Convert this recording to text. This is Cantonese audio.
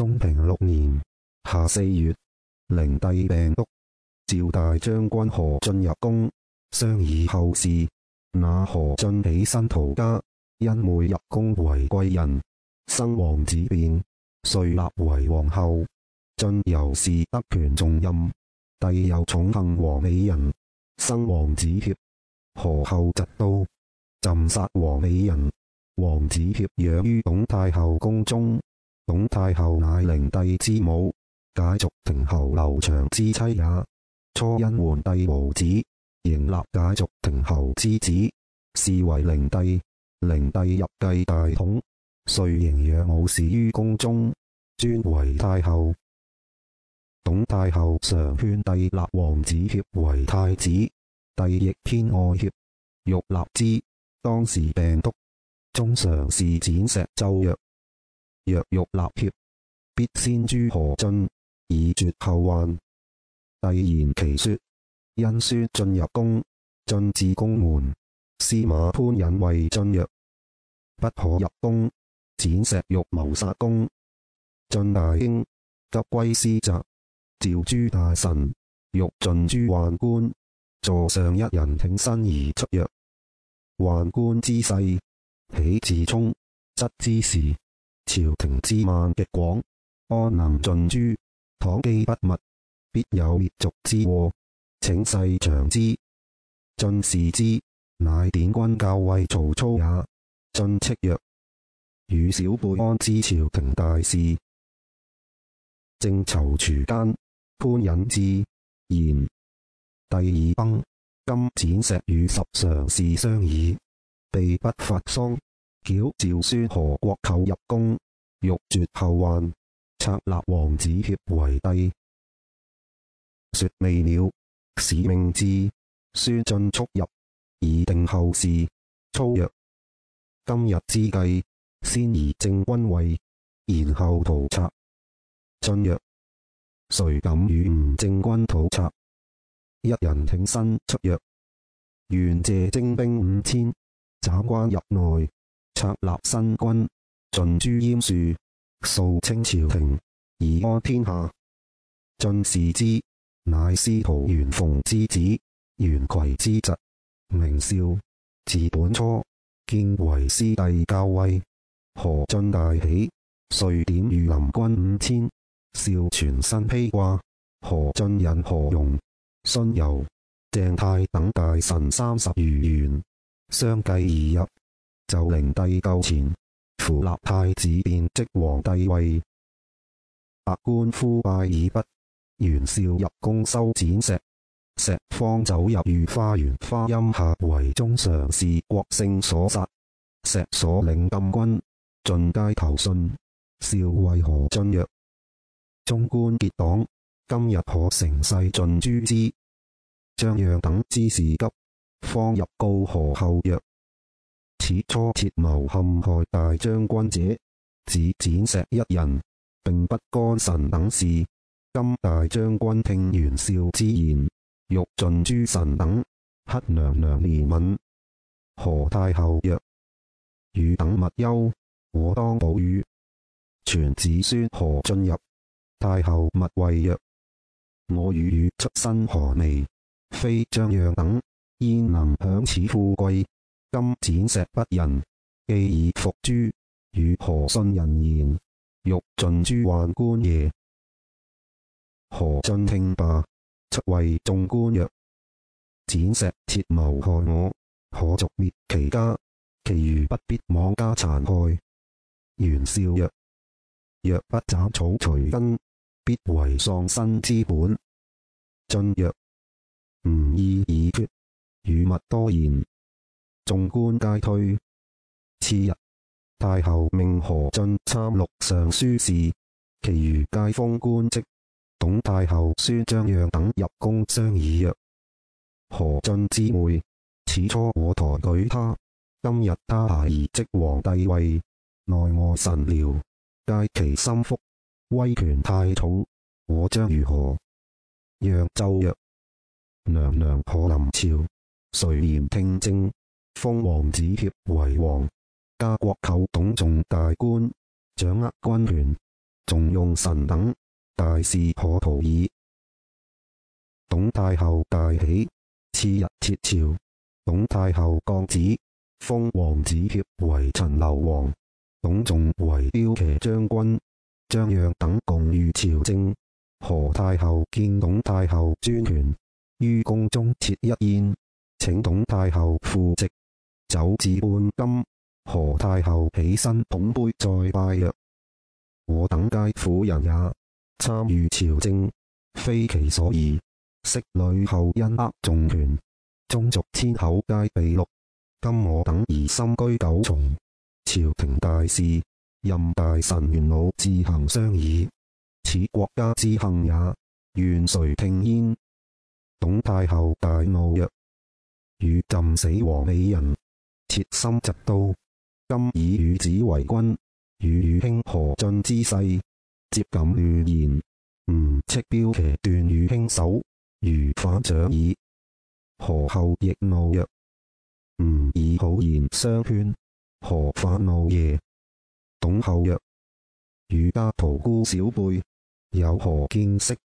中平六年，夏四月，靈帝病篤，召大將軍何進入宮，商議後事。那何進起身屠家，因妹入宮為貴人，生皇子辯，遂立為皇后。進由是得權重任，帝又寵幸王美人，生皇子協。何后嫉妒，鴆殺王美人，皇子協養於董太后宮中。董太后乃靈帝之母，解瀆亭侯劉萇之妻也。初因桓帝無子，迎立解瀆亭侯之子，是為靈帝。靈帝入繼大統，遂迎養母氏於宮中，尊為太后。董太后嘗勸帝立皇子協為太子，帝亦偏愛協，欲立之。當時病篤，中常侍蹇碩奏曰。若欲立協，必先誅何進，以絕後患。帝然其說，因宣進入宮，進至宮門，司馬潘隱謂進曰：不可入宮，蹇碩欲謀殺公。進大驚，急歸私宅，召諸大臣，欲盡誅宦官。座上一人挺身而出曰：宦官之勢，起自沖、質之時。朝廷滋蔓極廣，安能盡誅？倘機不密，必有滅族之禍。請細詳之，進視之，乃典軍校尉曹操也。進叱曰：汝小輩安知朝廷大事？正躊躇間，潘隱至，言，帝已崩，今蹇碩與十常侍商議，秘不發喪。矯詔宣何國舅入宮，欲絕後患，冊立皇子協為帝。說未了，使命至，宣進速入，以定後事。操曰：今日之計，先宜正君位，然後圖賊。進曰：誰敢與吾正君討賊？一人挺身出曰：願借精兵五千，斬關入內。冊立新君，盡誅閹豎，掃清朝廷，以安天下。進視之，乃司徒袁逢之子，袁隗之侄名紹，字本初，見為司隸校尉。何進大喜，遂點御林軍五千，紹全身披掛，何進引何顒、荀攸、鄭泰等大臣三十餘員，相繼而入。就靈帝柩前扶立太子，辯即皇帝位。百官呼拜已畢，袁紹入宮收蹇碩，碩慌走入御花園花陰下，為中常侍郭勝所殺，碩所領禁軍盡皆投順。紹謂何進曰：中官結黨，今日可乘勢盡誅之。張讓等知事急，慌入告何后曰。始初，設謀陷害大將軍者，止蹇碩一人，並不干臣等事。今大將軍聽袁紹之言，欲盡誅臣等，乞娘娘憐憫。何太后曰：汝等勿憂，我當保汝。傳旨宣何進入。太后密謂曰：我與汝出身寒微，非張讓等，焉能享此富貴？今蹇碩不仁，既已伏誅，汝何信人言，欲盡誅宦官耶？何進聽罷，出謂眾官曰：蹇碩設謀害我，可族滅其家，其餘不必妄加殘害。袁紹曰：若不斬草除根，必為喪身之本。進曰：吾意已決，汝勿多言。眾官皆退。次日，太后命何進參錄尚書事，其餘皆封官職。董太后宣張讓等入宮商議曰，何進之妹，起初我抬舉他，今日他孩兒即皇帝位，內外臣僚，皆其心腹，威權太重，我將如何？讓奏曰，娘娘可臨朝，垂簾聽政，封皇子協為王，加國舅董重大官，掌握軍權，重用臣等，大事可圖矣。董太後大喜。次日，設朝。董太後降旨，封皇子協為陳留王，董重為骠騎將軍，張讓等共預朝政。何太後見董太後專權，於宮中設一宴，請董太後赴席。酒至半酣，何太后起身捧杯，再拜曰：我等皆婦人也，參預朝政，非其所宜。昔呂后因握重權，宗族千口皆被戮。今我等宜深居九重，朝廷大事，任大臣元老自行商議，此國家之幸也。願垂聽焉。董太后大怒曰：汝鴆死王美人。設心嫉妒，今倚汝子為君，與汝兄何進之勢，輒敢亂言，吾敕驃騎斷汝兄首，如反掌耳。」何后亦怒曰：吾以好言相勸，何反怒耶？董后曰：汝家屠沽小輩，有何見識？